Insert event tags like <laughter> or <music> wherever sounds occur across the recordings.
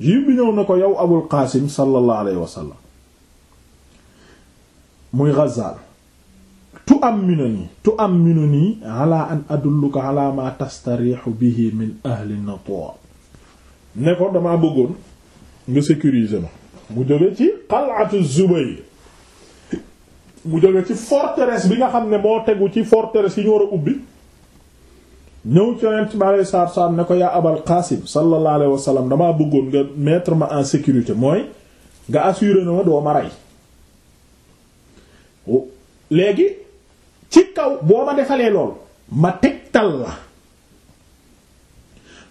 juif bi ñëw na ko yow abul qaasim sallallahu alayhi wa sallam muy Ghazal tu am minani tu am minani ala an adulluka ala ma tastarihu bihi min ahli natwa ne ko damaa bëggoon nga sécuriser ma mu jóge ci qal'atu Zubayr mu jóge ci forteresse bi nga xam ne moo tegu ci forteresse yi ñu war a ubbi ñëw ci yonent bi alayhi salaatu salaam ne ko yaa abal qaasim sallallahu alayhi damaa bëggoon nga mettre ma en sécurité mooy nga assuré na ma doo ma rey oh, léegi ci kaw boo ma defalee lool ma tegtal la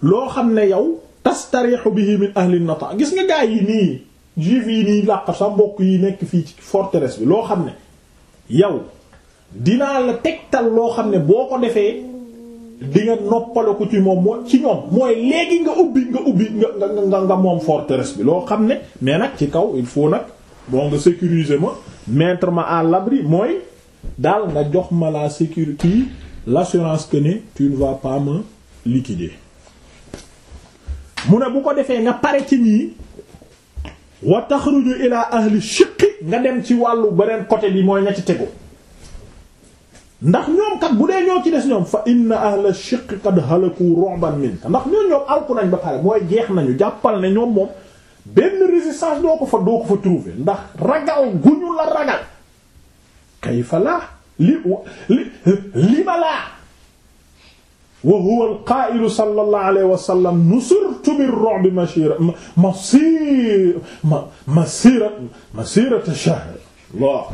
loo xam ne yow tastarihu bihi min ahli nata gis nga gaay yi nii juif yi nii làq sa mbokk yi nekk fii ci forteresse bi loo xam ne yow dinaa la tegtal loo xam ne boo ko defee di nga noppale ko ci moom moo ci ñoom mooy léegi nga ubbi nga ubbi nga nga nga moom forteresse bi loo xam ne mais nag ci kaw il faut nag moo nga sécuriser ma mettre ma à l'abri mooy daal nga jox ma la sécurité l'assurance que ne tu ne vas pas me liquider mu ne bu ko defee nga pare ci nii wa taxruju ila ahli shiqi nga dem ci wàllu beneen côté bi mooy ña ci tegu ndax ñoom kat bu dee ñoo ci des ñoom fa inna ahla shiqq qad halaku ru'ban min ndax ñoom ñoom alku nañ ba pare mooy jeex nañu jàppal ne ñoom moom benn résistance doo ko fa doo ko fa trouver ndax ragal guñu la ragal kayfa laa li li lima laa wa huwa al-qaa'ilu sallallahu alayhi wa sallam nusirtu bir-ru'bi masira masira masira masirata shahr Allah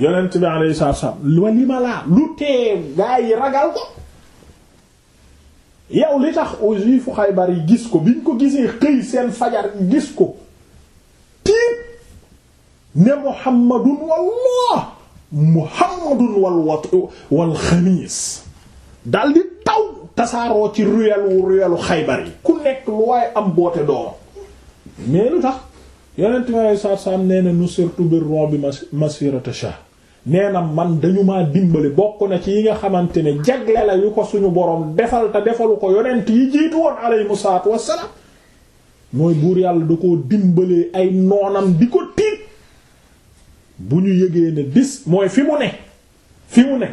yonent bi alayhi salaam walima laa lu tee gaa yi ragal ko yow li tax au juifu Xaybar yi gis ko biñ ko gisee xëy seen fajar gis ko tiit ne Muhammadun wallah Muhammadun wal watu wal xamiis dal di taw tasaaroo ci ruyelu ruyelu Xaybar yi ku nekk lu waaye am boote doom mais lu tax yonent bi alayhi salaam nee na nu surtout bir romb bi masirata shahr nee na man dañu ma dimbali bokk na ci yi nga xamante ne jagle la yu ko suñu boroom defal te defalu ko yonent yi jiitu woon aleyhimu salaatu wassalaam mooy buur yàlla du ko dimbalee ay noonam di ko tiit bu ñu yëgee ne bis mooy fi mu ne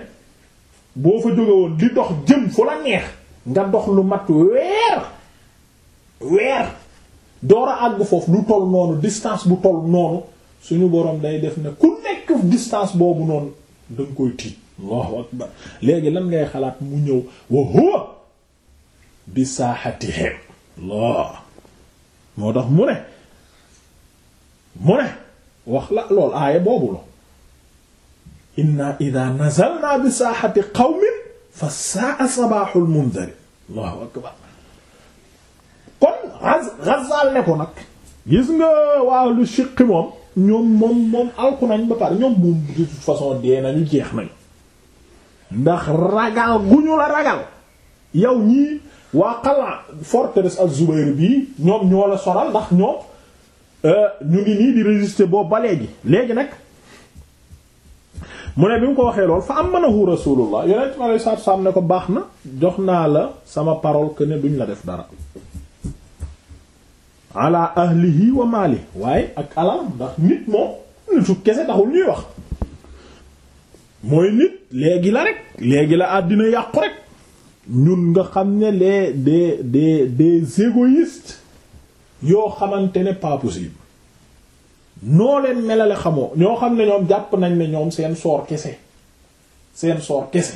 boo fa jóge woon di dox jëm fu neex nga lu mat weer foofu lu toll distance bu toll noonu suñu borom day def ne ku preuve distance boobu noonu da koy tiit Allahu akbar léegi lan ngay xalaat mu ñëw wa huwa bi saaxatihim Allah moo tax mu ne mu ne wax la lool aaya boobu la inna ida nazalna bi saaxati qawmin fa saa sabaaxul mundari Allahu akbar kon Ghazal ne ko nag gis nga waa lu shiqi moom ñoom moom moom alku nañ ba pare ñoom moom de toute façon dee nañu jeex nañu ndax ragal gu ñu la ragal yow ñii waa xala forteresse az-Zubayr bii ñoom ñoo la soral ndax ñoom euh, ñu ngi nii di résister boobu ba léegi léegi nag mu ne bi mu ko waxee lool fa amanahu rasulullah yonent mi alayhi salaatu salaam ne ko baax na jox naa la sama parole que ne duñ la def dara ala ahlihi wa maali waaye ak alalam ndax nit moom nitu kese taxul ñuy wax mooy nit léegi la rek léegi la àddina yàqu rek ñun nga xam ne les des des des égoïstes yoo xamante ne pas possible noo leen melale xamoo ñoo xam ne ñoom jàpp nañ ne ñoom seen soor kese seen soor kese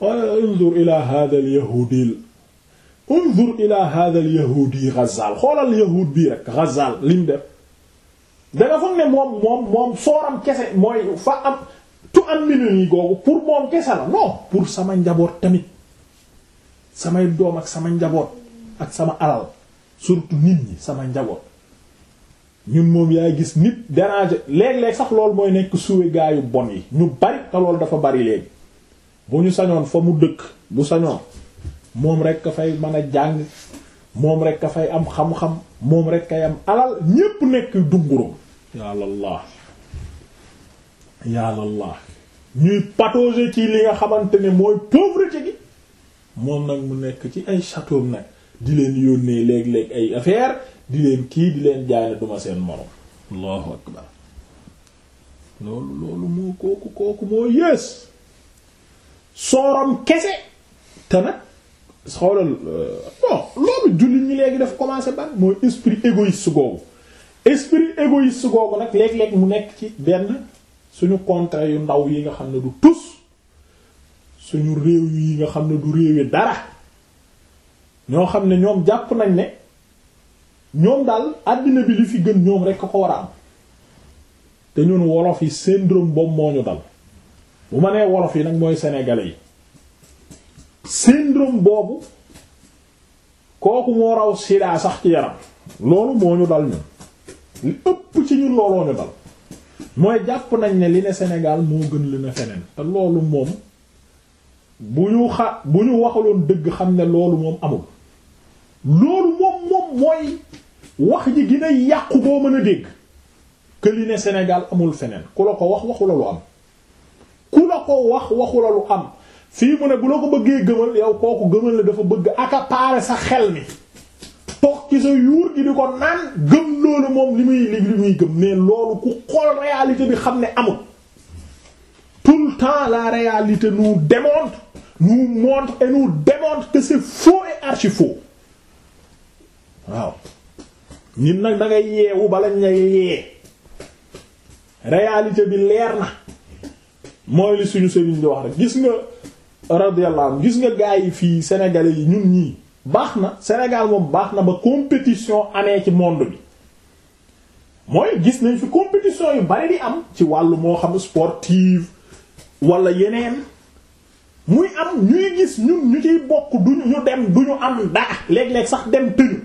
wa ila hadha al unzur ila hadha al yahudi Ghazal xoolal yahud bii rek Ghazal lim def danga foog ne moom moom moom sooram kese mooy fa am tu am minu yi googu pour moom kese la non pour sama njaboot tamit samay doom ak sama njaboot ak sama alal surtout nit ñi sama njaboot ñun moom yaay gis nit déranger léeg-léeg sax lool mooy nekk suwe gaayu bon yi ñu bari te dafa bari léegi bu ñu sañoon fa mu dëkk bu sañoon moom rekk a fay man a jàng moom rek ka fay am xam-xam moom rek kay am alal ñépp nekk dungurum yàllallah yàllallah ñuy patauger ci li nga xamante ne mooy pauvreté gi moom nag mu nekk ci ay château nag di leen yónnee léeg-léeg ay affaire di leen kii di leen jaay duma seen morom allahu akbar loolu loolu moo kooku kooku moo yées sooram kese te nag xoolal euh, bon loolu jullit ñi léegi daf commencé ban mooy esprit égoïste googu esprit égoïste googu nag léeg-léeg mu nekk ci benn suñu contrat yu ndaw yi nga xam ne du tus suñu réew yi nga xam ne du réewi dara ñoo xam ne ñoom jàpp nañ ne ñoom daal àddina bi li fi gën ñoom rekk ko war a am te ñun wolof yi syndrome boobu moo ñu dal bu ma nee wolof yi nag mooy sénégalais yi syndrome boobu kooku moo raw sida sax ci yaram loolu moo ñu dal ñun li ëpp ci ñun looloo ñu dal mooy jàpp nañ ne li ne Sénégal moo gën li ne feneen te loolu moom bu ñu xa bu ñu waxaloon dëgg xam ne loolu moom amul loolu moom moom mooy wax ji gën a yàqu boo mën a dégg que ne senegal amul feneen ku la ko wax waxu la lu am ku la ko wax waxu lu am fii mu ne bu la ko bëggee gëmal yow kooku gëmal la dafa bëgg accaparer sa xel mi toog ci sa yuur gi di ko naan gëm loolu moom li muy li muy gëm mais loolu ku xool réalité bi xam ne amul tout le temps la réalité nous démontre nous montre et nous démontre que c'est faux et waaw nit nag da yeewu bala ñu lay yee réalité bi leer na mooy li suñu sëriñ di wax rek gis nga. radiyallahu anhu gis nga gaa yi fii sénégalais yi ñun ñii baax na senegal moom baax na ba compétition amee ci monde bi mooy gis nañ fi compétition yu bari di am ci wàllu moo xam sportive wala yeneen muy am ñuy gis ñun ñu ciy bokk duñu ñu dem duñu am daa léeg-léeg sax dem tëñu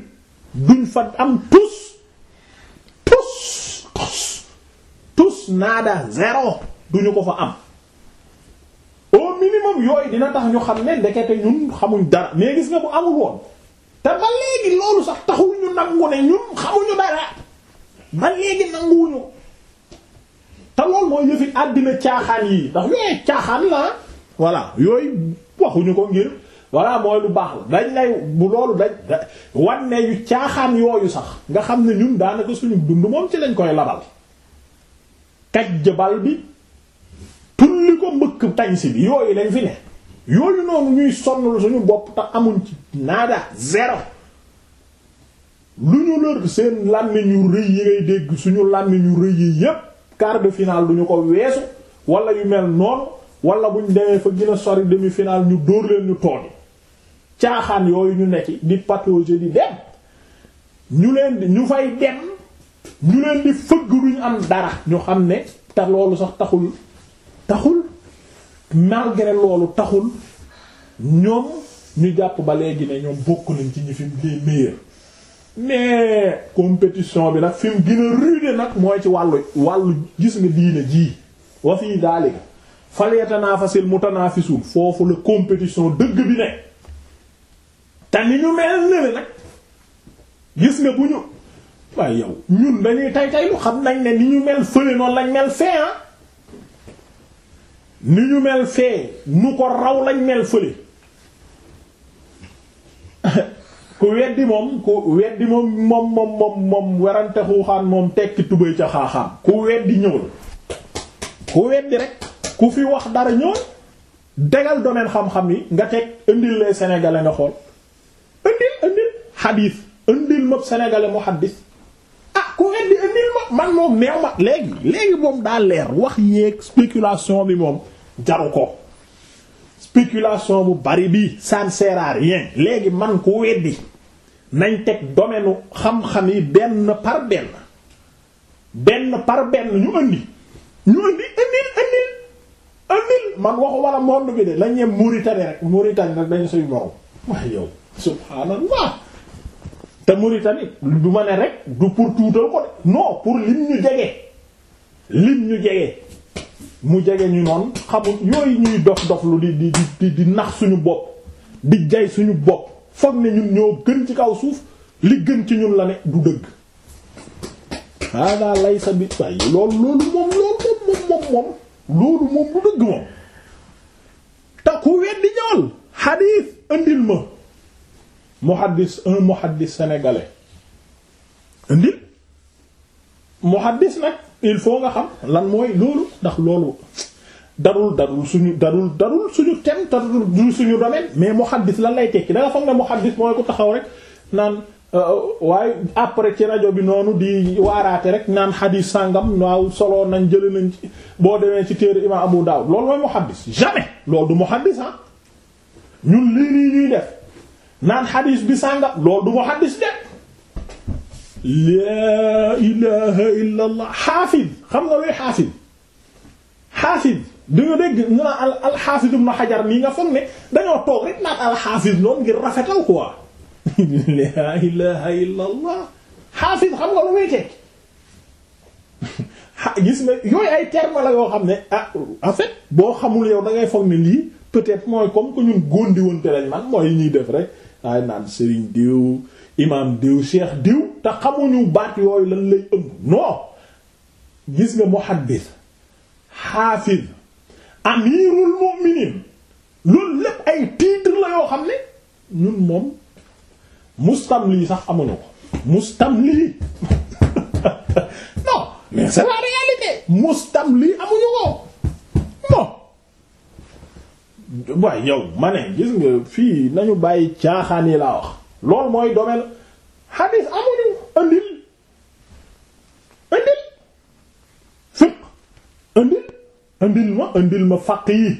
duñ fa am tous tous tous naada zéro duñu ko fa am minimum yooyu dina tax ñu xam ne ndekete ñun xamuñ dara mais gis nga bu amul woon te ba léegi loolu sax taxul ñu nangu ne ñun xamuñu dara ba léegi nanguwuñu te loolu mooy yëfi àddina caaxaan yi ndax yooyu caaxaan la ah. voilà yooyu waxuñu ko ngir voilà mooy lu baax la dañ lay bu loolu dañ wan ne yu caaxaan yooyu sax nga xam ne ñun daanaka suñu dund moom ci lañ koy labal kajjabal bi tulli ko mbëkk tañ bi yooyu lañ fi ne yooyu noonu ñuy sonnal suñu bopp tax amuñ ci naada zéro lu ñu lër seen làmmiñ ñu rëy yi ngay dégg suñu làmmiñ ñu rëy yi yépp quart de finale du ñu ko weesu wala yu mel noonu wala buñ demee fa gën a sori demi finale ñu dóor leen ñu tooñi caaxaan yooyu ñu nekk di patauger di dem ñu leen di ñu fay dem ñu leen di fëgg duñ am dara ñu xam ne te loolu sax taxul taxul malgré loolu taxul ñoom ñu jàpp ba léegi ne ñoom bokk nañ ci ñi fi des meilleurs mais compétition bi nag fi mu gën nag mooy ci wàllu wàllu gis nga diine ji wa fii daalika falyatanafasil mutanaafisun foofu la compétition dëgg bi ne te ni ñu mel ne nag gis nga bu ñu waaye yow ñun dañuy tay tay lu xam nañ ne ni ñu mel fële noonu lañ mel fee ah. ni ñu mel fee nu ko raw lañ mel fële <laughs> ku weddi moom ku weddi moom moom moom moom werante xuuxaan moom tekki tubéy ca xaaxaam ku weddi ñëwul ku weddi rek ku fi wax dara ñëwul degal domaine xam-xam yi nga teg indil les sénégalais nga xool indil indil xadiis indil ma sénégalais mu xaddis ah ku weddi indil ma man moom neew ma léegi léegi moom daa leer wax yeeg spéculation bi moom jaru ko spéculation bu bari bi ça rien léegi man ko weddi nañ teg domaine xam-xam yi benn par benn benn par benn ñu andi ñu andi andil andil andil man waxu wala monde bi de la ñeem Mauritanie rek Mauritanie rek suñu borom waaye yow subhaanallah te Mauritanie du ma ne rek du pour tuutal ko de non pour lim ñu jege lim ñu jege mu jege ñu noonu xamul yooyu ñuy dof dof lu di di di di nax suñu bopp di jay suñu bopp foog ne ñun ñoo gën ci kaw suuf li gën ci ñun la ne du dëgg hada laysa bi bay loolu loolu loolu moom loolu moom du dëgg moom te weddi ñool xadiis indil ma muhaddis un muhaddis sénégalais indil muhaddis nag il faut nga xam lan mooy loolu ndax loolu darul darul suñu darul darul suñu tem darul suñu domaine mais muhaddis lan lay tekki da nga foog ne mooy ku taxaw rek naan euh, waaye après ci rajo bi noonu di waaraate rek naan xadiis sàngam waaw solo nañ jëli nañ ci boo demee ci téere imam Abu Dawud loolu mooy muhaddis jamais loolu du muhaddis ah ñun lii nii ñuy def naan xadiis bi sàngam loolu du muhaddis de laa ilaha illa allah xam nga luy xaafid xaafid da nga dégg ñu naan al alxaafid ibn xajar noonu ngir rafetal quoi <laughs> laa ilaha illa allah xam nga lu muy tekki <laughs> gis nga yooyu ay terme la yoo xam ne ah en boo xamul yow da ngay foog ne lii peut-être mooy comme que ñun góondi woon te man mooy ñuy def rek ay naan Serigne Diou imaam diw cheikh diw te xamuñu baat yooyu lan lay ëmb non gis nga muhaddis xaafis amirul mu'minin loolu lépp ay titre la yoo xam ne ñun moom mustamli sax amuñu ko mustamli <laughs> waaye yow ma ne gis nga fii nañu bàyyi caaxaan yi laa wax loolu mooy domaine hadith amuñu andil andil fiqh andil andil ma andil ma faqih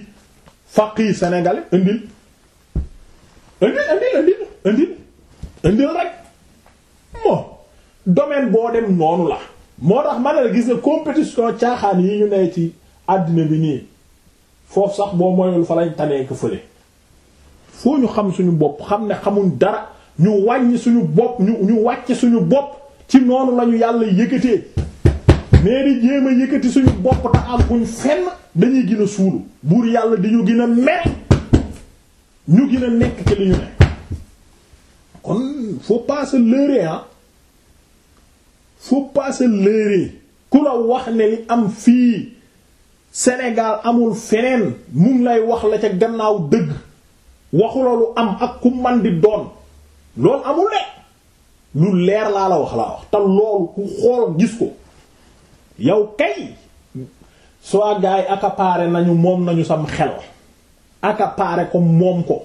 faqih sénégalais andil andil andil andil andil andil rek moo domaine boo dem noonu la moo tax ma ne la gis ne compétition caaxaan yi ñu ne ci àddina bi nii foofu sax boo moyul fa lañ tanee ko fële foo ñu xam suñu bopp xam ne xamuñ dara ñu wàññi suñu bopp ñu ñu wàcc suñu bopp ci noonu la yàlla yëkkatee mais di jéem a yëkkati suñu bopp te àgguñ fenn dañuy gën a suulu buur yàlla di ñu gën a ñu gën a nekk ci li ñu ne kon faut pas se leurrer ah ku la wax ne li am fii senegal amul feneen mu lay wax la ca gannaaw dëgg waxu la lu am ak ku man di doon loolu amul ne lu leer laa la wax laa wax te loolu ku xool gis ko yow kay soit gars yi accaparé nañu moom nañu sam xel accaparé ko moom ko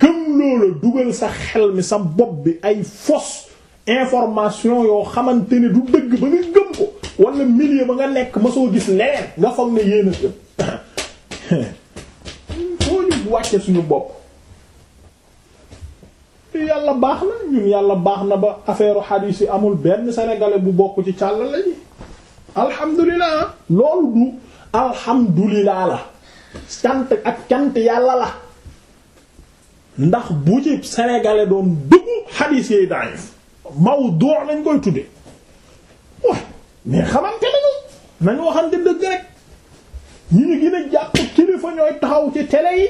gëm loola dugal sa xel mi sa bopp bi ay fausse information yoo xamante ne du dëgg ba nga gëm ko wala milieu ba nga nekk ma soo gis leer nga foog ne yéen a <coughs> foo ñu wàcce suñu bopp yàlla baax na ñun yàlla baax na ba affaire xadiis yi amul benn sénégalais bu bokk ci càllale ji alhamdulilah loolu du alhamdulilah la cant ak cant yàlla la ndax bu ci sénégalais doon dugg xadiis yi daif mawdu lañ koy tudde wa mais xamante nañu nañ waxante dëgg rek ñu ñu gën a jàpp kilifa taxaw ci télé yi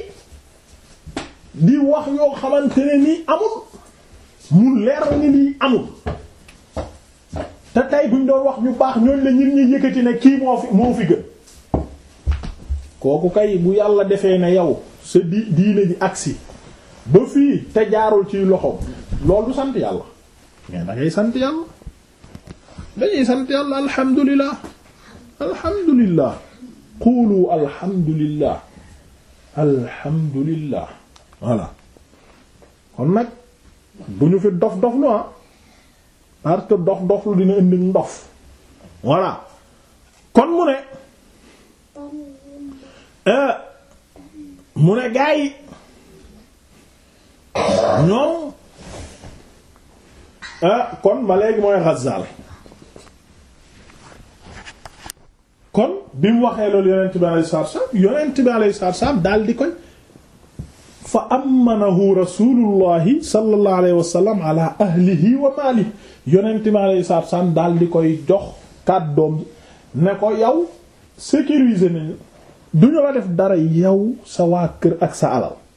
li wax yoo xamante ne nii amul mu leer ni lii amul te tey buñ doon wax ñu baax ñooñ la ñun ñuy yëkkati ne kii moo fi moo fi gën kooku kay bu yàlla defee na yow sa di diine ji agsi ba fii te jaarul ci loxo loolu du sant yàlla mais da ngay sant yàlla dañuy sant yàlla alhamdulillah alhamdulillah qulu alhamdulillah alhamdulillah voilà kon nag bu ñu fi dof dof lu ah parce que dof dof lu dina indi ndof voilà kon mu ne euh, mu ne gaa yi euh, kon ba léegi mooy Ghazal kon bi mu waxee loolu yonent bi alayhi salaatu wa salaam yonent bi alayhi salaatu wa salaam di koy fa ammanahu rasulullahi sallallahu alayhi wa sallam ala ahlihi wa maalihi yonent mi alayhi salaatu wa salaam daal di koy jox kàddoom ne ko yow sécuriser nañu duñu la def dara yow sa waa kër ak sa alal